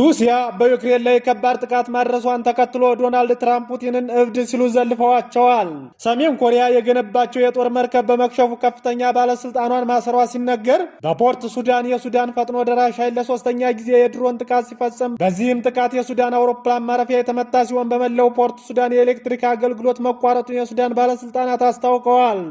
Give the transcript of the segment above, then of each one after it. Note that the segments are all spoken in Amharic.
ሩሲያ በዩክሬን ላይ ከባድ ጥቃት ማድረሷን ተከትሎ ዶናልድ ትራምፕ ፑቲንን እብድ ሲሉ ዘልፈዋቸዋል። ሰሜን ኮሪያ የገነባቸው የጦር መርከብ በመክሸፉ ከፍተኛ ባለስልጣኗን ማሰሯ ሲነገር፣ በፖርት ሱዳን የሱዳን ፈጥኖ ደራሽ ኃይል ለሶስተኛ ጊዜ የድሮን ጥቃት ሲፈጽም፣ በዚህም ጥቃት የሱዳን አውሮፕላን ማረፊያ የተመታ ሲሆን በመላው ፖርት ሱዳን የኤሌክትሪክ አገልግሎት መቋረጡን የሱዳን ባለስልጣናት አስታውቀዋል።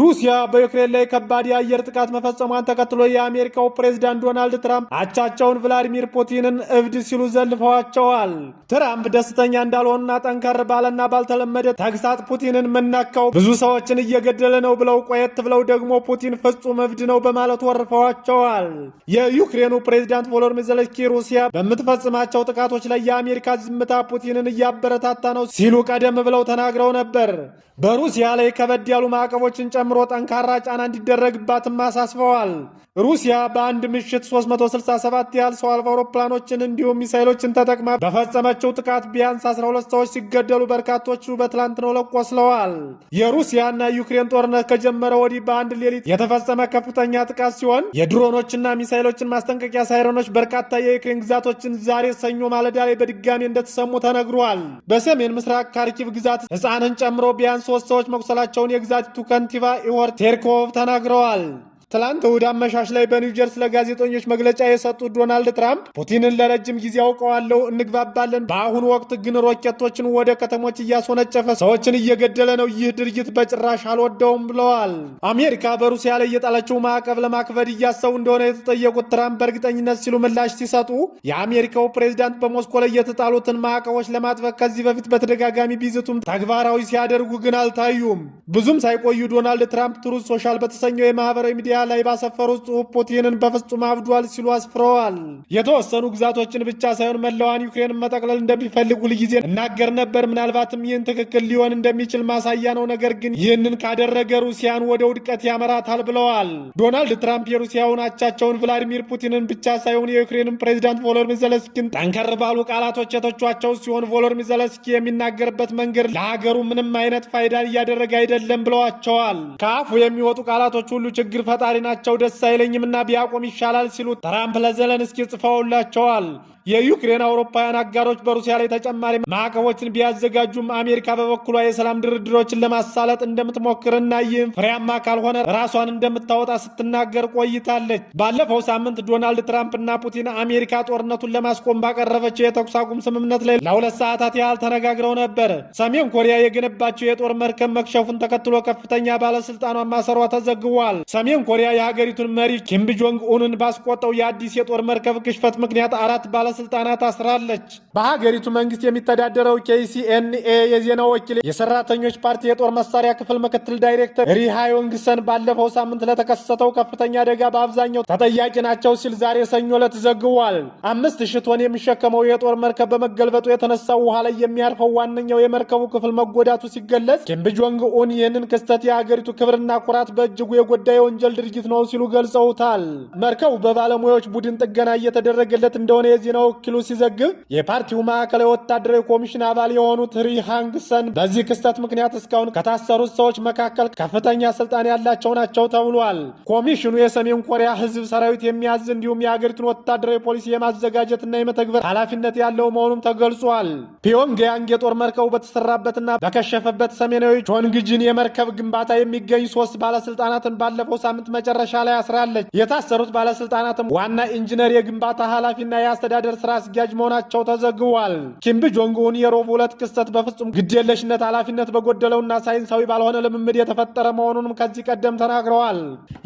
ሩሲያ በዩክሬን ላይ ከባድ የአየር ጥቃት መፈጸሟን ተከትሎ የአሜሪካው ፕሬዚዳንት ዶናልድ ትራምፕ አቻቸውን ቭላዲሚር ፑቲንን እብድ ሲሉ ዘልፈዋቸዋል። ትራምፕ ደስተኛ እንዳልሆንና ጠንከር ባለና ባልተለመደ ተግሳጽ ፑቲንን መናካው ብዙ ሰዎችን እየገደለ ነው ብለው ቆየት ብለው ደግሞ ፑቲን ፍጹም እብድ ነው በማለት ወርፈዋቸዋል። የዩክሬኑ ፕሬዚዳንት ቮሎድሚር ዘለንስኪ ሩሲያ በምትፈጽማቸው ጥቃቶች ላይ የአሜሪካ ዝምታ ፑቲንን እያበረታታ ነው ሲሉ ቀደም ብለው ተናግረው ነበር። በሩሲያ ላይ ከበድ ያሉ ማዕቀቦችን ጨምሮ ጠንካራ ጫና እንዲደረግባትም አሳስበዋል። ሩሲያ በአንድ ምሽት 367 ያህል ሰው አልባ አውሮፕላኖችን እንዲሁም ሚሳይሎችን ተጠቅማ በፈጸመችው ጥቃት ቢያንስ 12 ሰዎች ሲገደሉ በርካቶቹ በትላንትናው ዕለት ቆስለዋል። የሩሲያና ዩክሬን ጦርነት ከጀመረ ወዲህ በአንድ ሌሊት የተፈጸመ ከፍተኛ ጥቃት ሲሆን የድሮኖችና ሚሳይሎችን ማስጠንቀቂያ ሳይረኖች በርካታ የዩክሬን ግዛቶችን ዛሬ ሰኞ ማለዳ ላይ በድጋሚ እንደተሰሙ ተነግሯል። በሰሜን ምስራቅ ካርኪቭ ግዛት ሕፃንን ጨምሮ ቢያንስ ሶስት ሰዎች መቁሰላቸውን የግዛቲቱ ከንቲባ ኢሆር ቴርኮቭ ተናግረዋል። ትላንት እሁድ አመሻሽ ላይ በኒውጀርስ ለጋዜጠኞች መግለጫ የሰጡት ዶናልድ ትራምፕ ፑቲንን ለረጅም ጊዜ አውቀዋለሁ፣ እንግባባለን። በአሁኑ ወቅት ግን ሮኬቶችን ወደ ከተሞች እያስወነጨፈ ሰዎችን እየገደለ ነው። ይህ ድርጊት በጭራሽ አልወደውም ብለዋል። አሜሪካ በሩሲያ ላይ የጣለችው ማዕቀብ ለማክበድ እያሰቡ እንደሆነ የተጠየቁት ትራምፕ በእርግጠኝነት ሲሉ ምላሽ ሲሰጡ የአሜሪካው ፕሬዚዳንት በሞስኮ ላይ የተጣሉትን ማዕቀቦች ለማጥበቅ ከዚህ በፊት በተደጋጋሚ ቢዝቱም ተግባራዊ ሲያደርጉ ግን አልታዩም። ብዙም ሳይቆዩ ዶናልድ ትራምፕ ትሩዝ ሶሻል በተሰኘው የማህበራዊ ሚዲያ መለያ ላይ ባሰፈሩት ጽሑፍ ፑቲንን በፍጹም አብዷል ሲሉ አስፍረዋል። የተወሰኑ ግዛቶችን ብቻ ሳይሆን መለዋን ዩክሬን መጠቅለል እንደሚፈልግ ሁልጊዜ እናገር ነበር። ምናልባትም ይህን ትክክል ሊሆን እንደሚችል ማሳያ ነው። ነገር ግን ይህንን ካደረገ ሩሲያን ወደ ውድቀት ያመራታል ብለዋል። ዶናልድ ትራምፕ የሩሲያውን አቻቸውን ቭላዲሚር ፑቲንን ብቻ ሳይሆን የዩክሬንን ፕሬዚዳንት ቮሎድሚር ዘለንስኪን ጠንከር ባሉ ቃላቶች የተቿቸው ሲሆን ቮሎድሚር ዘለንስኪ የሚናገርበት መንገድ ለሀገሩ ምንም አይነት ፋይዳን እያደረገ አይደለም ብለዋቸዋል። ከአፉ የሚወጡ ቃላቶች ሁሉ ችግር ፈጣ ፈጣሪ ናቸው፣ ደስ አይለኝምና ቢያቆም ይሻላል ሲሉ ትራምፕ ለዘለንስኪ ጽፈውላቸዋል። የዩክሬን አውሮፓውያን አጋሮች በሩሲያ ላይ ተጨማሪ ማዕቀቦችን ቢያዘጋጁም አሜሪካ በበኩሏ የሰላም ድርድሮችን ለማሳለጥ እንደምትሞክርና ይህም ፍሬያማ ካልሆነ ራሷን እንደምታወጣ ስትናገር ቆይታለች። ባለፈው ሳምንት ዶናልድ ትራምፕ እና ፑቲን አሜሪካ ጦርነቱን ለማስቆም ባቀረበችው የተኩስ አቁም ስምምነት ላይ ለሁለት ሰዓታት ያህል ተነጋግረው ነበር። ሰሜን ኮሪያ የገነባቸው የጦር መርከብ መክሸፉን ተከትሎ ከፍተኛ ባለስልጣኗን ማሰሯ ተዘግቧል። ሰሜን ኮሪያ የሀገሪቱን መሪ ኪም ጆንግ ኡንን ባስቆጠው የአዲስ የጦር መርከብ ክሽፈት ምክንያት አራት ባለ ባለስልጣናት አስራለች። በሀገሪቱ መንግስት የሚተዳደረው ኬሲኤንኤ የዜና ወኪል የሰራተኞች ፓርቲ የጦር መሳሪያ ክፍል ምክትል ዳይሬክተር ሪሃዮንግሰን ባለፈው ሳምንት ለተከሰተው ከፍተኛ አደጋ በአብዛኛው ተጠያቂ ናቸው ሲል ዛሬ ሰኞ ዕለት ዘግቧል። አምስት ሺህ ቶን የሚሸከመው የጦር መርከብ በመገልበጡ የተነሳው ውሃ ላይ የሚያርፈው ዋነኛው የመርከቡ ክፍል መጎዳቱ ሲገለጽ ኪም ጆንግ ኡን ይህንን ክስተት የሀገሪቱ ክብርና ኩራት በእጅጉ የጎዳ የወንጀል ድርጊት ነው ሲሉ ገልጸውታል። መርከቡ በባለሙያዎች ቡድን ጥገና እየተደረገለት እንደሆነ የዜና ነው ወኪሉ ሲዘግብ የፓርቲው ማዕከላዊ ወታደራዊ ኮሚሽን አባል የሆኑት ሪ ሃንግሰን በዚህ ክስተት ምክንያት እስካሁን ከታሰሩት ሰዎች መካከል ከፍተኛ ስልጣን ያላቸው ናቸው ተብሏል። ኮሚሽኑ የሰሜን ኮሪያ ህዝብ ሰራዊት የሚያዝ እንዲሁም የሀገሪቱን ወታደራዊ ፖሊሲ የማዘጋጀትና የመተግበር ኃላፊነት ያለው መሆኑም ተገልጿል። ፒዮንግያንግ የጦር መርከቡ በተሰራበትና በከሸፈበት ሰሜናዊ ቾንግጅን የመርከብ ግንባታ የሚገኝ ሶስት ባለስልጣናትን ባለፈው ሳምንት መጨረሻ ላይ አስራለች። የታሰሩት ባለስልጣናትም ዋና ኢንጂነር፣ የግንባታ ኃላፊና የአስተዳደር አስተዳደር ስራ አስኪያጅ መሆናቸው ተዘግቧል። ኪም ጆንግን የሮብ ሁለት ክስተት በፍጹም ግዴለሽነት ኃላፊነት በጎደለውና ሳይንሳዊ ባልሆነ ልምምድ የተፈጠረ መሆኑንም ከዚህ ቀደም ተናግረዋል።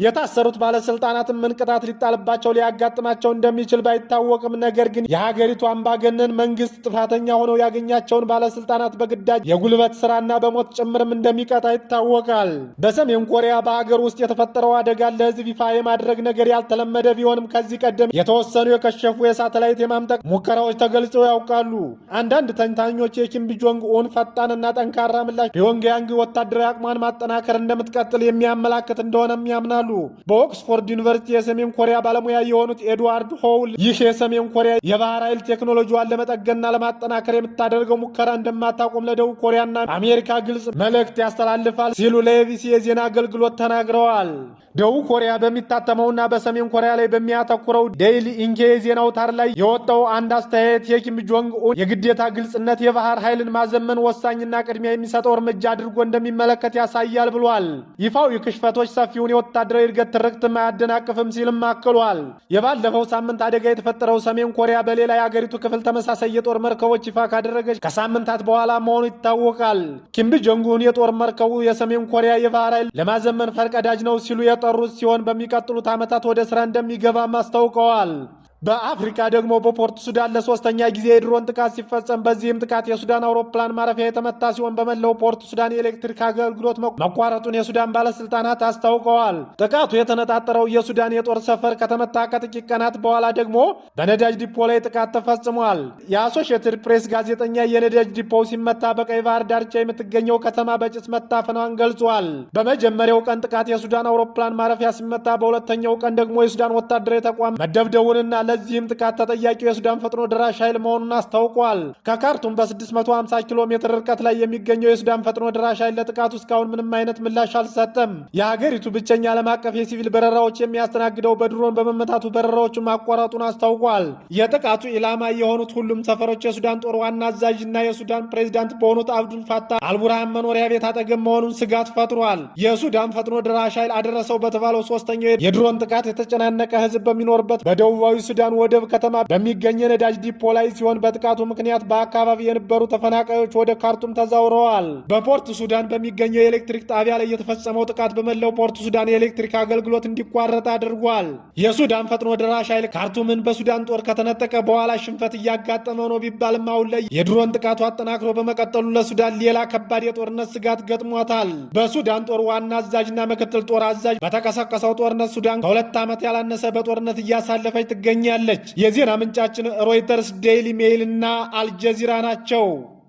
የታሰሩት ባለስልጣናትም ምን ቅጣት ሊጣልባቸው ሊያጋጥማቸው እንደሚችል ባይታወቅም፣ ነገር ግን የሀገሪቱ አምባገነን መንግስት ጥፋተኛ ሆነው ያገኛቸውን ባለስልጣናት በግዳጅ የጉልበት ስራና በሞት ጭምርም እንደሚቀጣ ይታወቃል። በሰሜን ኮሪያ በሀገር ውስጥ የተፈጠረው አደጋ ለህዝብ ይፋ የማድረግ ነገር ያልተለመደ ቢሆንም ከዚህ ቀደም የተወሰኑ የከሸፉ የሳተላይት ለማምጠቅ ሙከራዎች ተገልጸው ያውቃሉ። አንዳንድ ተንታኞች የኪም ጆንግ ኡን ፈጣንና ጠንካራ ምላሽ ፒዮንግያንግ ወታደራዊ አቅሟን ማጠናከር እንደምትቀጥል የሚያመላክት እንደሆነም ያምናሉ። በኦክስፎርድ ዩኒቨርሲቲ የሰሜን ኮሪያ ባለሙያ የሆኑት ኤድዋርድ ሆውል ይህ የሰሜን ኮሪያ የባህር ኃይል ቴክኖሎጂዋን ለመጠገንና ለማጠናከር የምታደርገው ሙከራ እንደማታቆም ለደቡብ ኮሪያና አሜሪካ ግልጽ መልእክት ያስተላልፋል ሲሉ ለኤቢሲ የዜና አገልግሎት ተናግረዋል። ደቡብ ኮሪያ በሚታተመውና በሰሜን ኮሪያ ላይ በሚያተኩረው ዴይሊ ኢንኬ የዜና አውታር ላይ የወ የወጣው አንድ አስተያየት የኪም ጆንግ ኡን የግዴታ ግልጽነት የባህር ኃይልን ማዘመን ወሳኝና ቅድሚያ የሚሰጠው እርምጃ አድርጎ እንደሚመለከት ያሳያል ብሏል። ይፋው ክሽፈቶች ሰፊውን የወታደራዊ እድገት ትርክትም አያደናቅፍም ሲልም አክሏል። የባለፈው ሳምንት አደጋ የተፈጠረው ሰሜን ኮሪያ በሌላ የአገሪቱ ክፍል ተመሳሳይ የጦር መርከቦች ይፋ ካደረገች ከሳምንታት በኋላ መሆኑ ይታወቃል። ኪም ጆንግ ኡን የጦር መርከቡ የሰሜን ኮሪያ የባህር ኃይል ለማዘመን ፈርቀዳጅ ነው ሲሉ የጠሩት ሲሆን በሚቀጥሉት ዓመታት ወደ ስራ እንደሚገባም አስታውቀዋል። በአፍሪካ ደግሞ በፖርት ሱዳን ለሶስተኛ ጊዜ የድሮን ጥቃት ሲፈጸም በዚህም ጥቃት የሱዳን አውሮፕላን ማረፊያ የተመታ ሲሆን በመላው ፖርት ሱዳን የኤሌክትሪክ አገልግሎት መቋረጡን የሱዳን ባለስልጣናት አስታውቀዋል። ጥቃቱ የተነጣጠረው የሱዳን የጦር ሰፈር ከተመታ ከጥቂት ቀናት በኋላ ደግሞ በነዳጅ ዲፖ ላይ ጥቃት ተፈጽሟል። የአሶሽየትድ ፕሬስ ጋዜጠኛ የነዳጅ ዲፖው ሲመታ በቀይ ባህር ዳርቻ የምትገኘው ከተማ በጭስ መታፈኗን ገልጿል። በመጀመሪያው ቀን ጥቃት የሱዳን አውሮፕላን ማረፊያ ሲመታ፣ በሁለተኛው ቀን ደግሞ የሱዳን ወታደራዊ ተቋም መደብደቡንና ለዚህም ጥቃት ተጠያቂው የሱዳን ፈጥኖ ደራሽ ኃይል መሆኑን አስታውቋል። ከካርቱም በ650 ኪሎ ሜትር ርቀት ላይ የሚገኘው የሱዳን ፈጥኖ ደራሽ ኃይል ለጥቃቱ እስካሁን ምንም አይነት ምላሽ አልሰጠም። የሀገሪቱ ብቸኛ ዓለም አቀፍ የሲቪል በረራዎች የሚያስተናግደው በድሮን በመመታቱ በረራዎቹን ማቋረጡን አስታውቋል። የጥቃቱ ኢላማ የሆኑት ሁሉም ሰፈሮች የሱዳን ጦር ዋና አዛዥ እና የሱዳን ፕሬዚዳንት በሆኑት አብዱል ፋታ አልቡርሃን መኖሪያ ቤት አጠገብ መሆኑን ስጋት ፈጥሯል። የሱዳን ፈጥኖ ደራሽ ኃይል አደረሰው በተባለው ሶስተኛው የድሮን ጥቃት የተጨናነቀ ህዝብ በሚኖርበት በደቡባዊ ሱዳን ሚዛን ወደብ ከተማ በሚገኝ የነዳጅ ዲፖ ላይ ሲሆን በጥቃቱ ምክንያት በአካባቢ የነበሩ ተፈናቃዮች ወደ ካርቱም ተዛውረዋል። በፖርት ሱዳን በሚገኘው የኤሌክትሪክ ጣቢያ ላይ የተፈጸመው ጥቃት በመላው ፖርት ሱዳን የኤሌክትሪክ አገልግሎት እንዲቋረጥ አድርጓል። የሱዳን ፈጥኖ ደራሽ ኃይል ካርቱምን በሱዳን ጦር ከተነጠቀ በኋላ ሽንፈት እያጋጠመው ነው ቢባልም አሁን ላይ የድሮን ጥቃቱ አጠናክሮ በመቀጠሉ ለሱዳን ሌላ ከባድ የጦርነት ስጋት ገጥሟታል። በሱዳን ጦር ዋና አዛዥና ምክትል ጦር አዛዥ በተቀሰቀሰው ጦርነት ሱዳን ከሁለት ዓመት ያላነሰ በጦርነት እያሳለፈች ትገኛል። ትገኛለች። የዜና ምንጫችን ሮይተርስ፣ ዴይሊ ሜይል እና አልጀዚራ ናቸው።